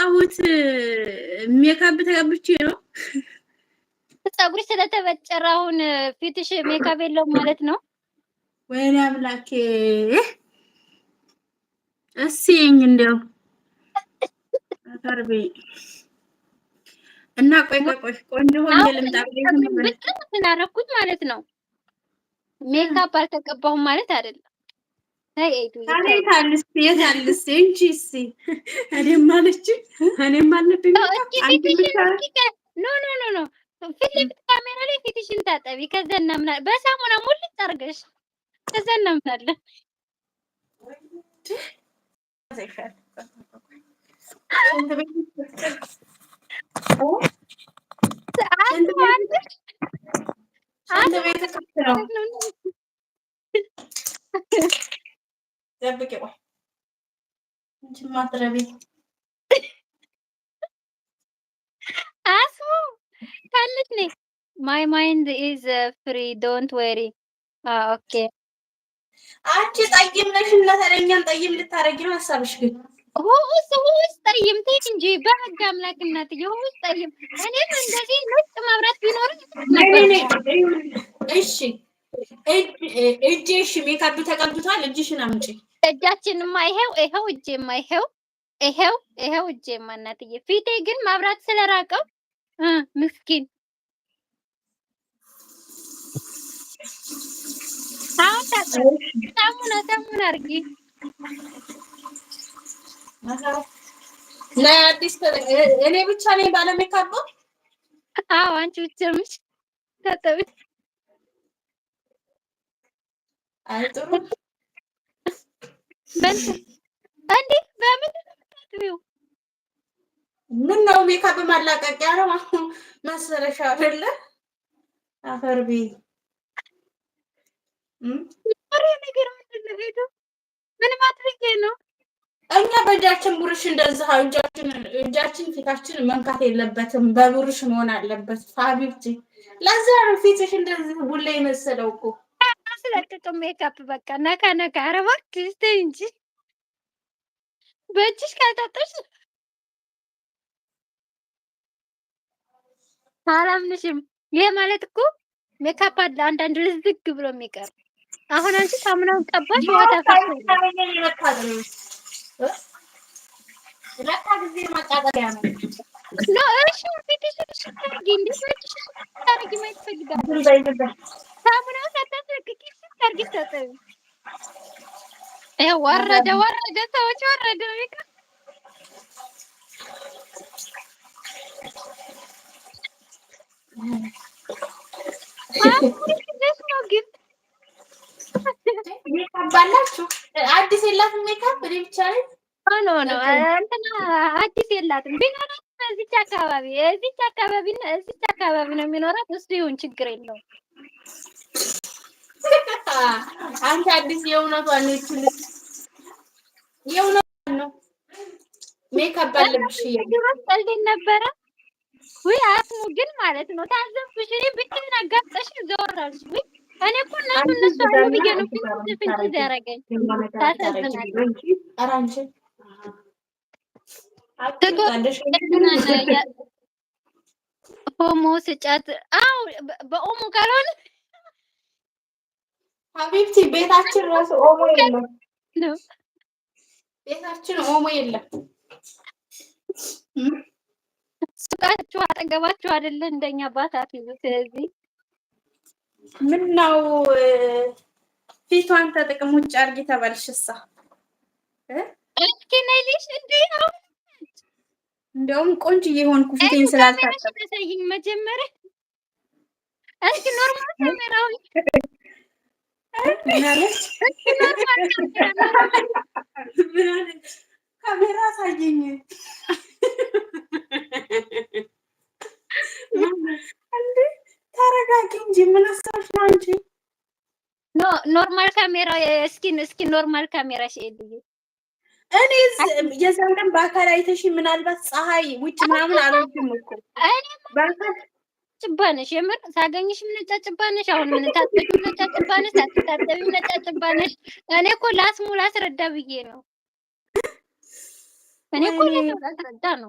የመጣሁት ሜካፕ ተቀብቼ ነው። ፀጉርሽ ስለተበጨረ አሁን ፊትሽ ሜካፕ የለውም ማለት ነው። ወይኔ አምላኬ! እስኪኝ እንደው አታርቢ እና ቆይ ቆይ ቆንጆ ሆኜ ልምጣ ብዬሽ ነው ማለት ነው። ሜካፕ አልተቀባሁም ማለት አይደለም። ፊትለፊት ካሜራ ላይ ፊትሽን ታጠቢ፣ ከዛ እናምናለን። በሳሙና ሙልጭ አድርገሽ ከዛ እናምናለን። አንድ ቤት ነው ጠብቂ ቆይ ማትረቢ አስሙ ካለች ነ ማይ ማይንድ ኢዝ ፍሪ ዶንት ወሪ ኦኬ አንቺ ጠይም ነሽ እና ታዲያ እኛን ጠይም ልታረጊ ነው ሀሳብሽ ግን ሁስ ሁስ ጠይም ትሄድ እንጂ በህግ አምላክነት የሁስ ጠይም እኔም እንደዚህ ነጭ መብራት ቢኖር ነበር እሺ እጅሽ ሜካፕ ተቀብቷል። እጅሽን አምጪ። እጃችንማ ይሄው ይሄው እጄማ ይሄው ይሄው ይሄው እጄማ እናትዬ። ፊቴ ግን መብራት ስለራቀው ምስኪን ሳሙና ሳሙና አድርጊ። እኔ ብቻ ነኝ ባለሜካፕ? አዎ አንቺ ብቻ ነሽ። ታጠቢ አይጥሩ እንዴ በምን ታጥቢው? ምን ነው ሜካፕ ማላቀቂያ ነው መሰለሽ አይደለ? አፈር ቤ ነው እኛ በእጃችን ብሩሽ እንደዚህ እጃችን እጃችን ፊታችን መንካት የለበትም። በብሩሽ መሆን አለበት። ፋቢብቲ ለዛ ነው ፊትሽ እንደዚህ ቡላ የመሰለው እኮ አስለቅቅም ሜካፕ በቃ ነካ ነካ። ኧረ እባክሽ ተይ እንጂ በእጅሽ ካልታጠብሽ አላምንሽም። ይሄ ማለት እኮ ሜካፕ አለ አንዳንድ ዝግ ብሎ የሚቀር አሁን አንቺ ሳሙናውን ቀባሽ ሳሙና አድርጊ ተጠቢ። ይኸው ወረደ ወረደ፣ ሰዎች ወረደ። ባላችሁ አዲስ የላትም ሜካፕ እኔ ብቻ ነኝ። ሆኖ ነው እንትና አዲስ የላትም። ቢኖራት እዚች አካባቢ እዚች አካባቢ እዚች አካባቢ ነው የሚኖራት። እሱ ይሁን ችግር የለውም። አንተ አዲስ ነው። ሜካፕ አለብሽ ነበረ። ውይ አስሙ ግን ማለት ነው ታዘብኩሽ። እኔ እኔ እኮ እነሱ እነሱ አሉ ብዬ ነው ፍንጭ ታሳዝናለች። ስጫት። በኦሞ ካልሆነ ሀቢብቲ ቤታችን ራሱ ኦሞ የለም፣ ቤታችን ኦሞ የለም። ሱቃችሁ አጠገባችሁ አይደለ? እንደኛ አባት ስለዚህ ምን ነው ፊቷን ተጠቅም ውጭ አድርጊ ተባልሽሳ እስኪነሊሽ እንዴ ነው እንደውም ቆንጆ እየሆንኩ ፊቴን ስላልታጠብኩ መጀመሪያ እስኪ ኖርማል ካሜራውን ካሜራ አሳየኝ ተረጋጊ እንጂ ምን አሰብሽ ነው አንቺ? ኖርማል ካሜራ እስኪን እስኪ ኖርማል ካሜራ ሽልዬ እኔ የዛን ቀን በአካል አይተሽ ምናልባት ፀሐይ ውጭ ምናምን አልወድም እኮ ጭባነሽ የምር ሳገኝሽ ነጫ ጭባነሽ። አሁን ምን ታጠቢው ነጫ ጭባነሽ፣ ታጠቢው ነጫ ጭባነሽ። እኔ እኮ ላስሙ ላስረዳ ብዬ ነው። እኔ እኮ ላስረዳ ነው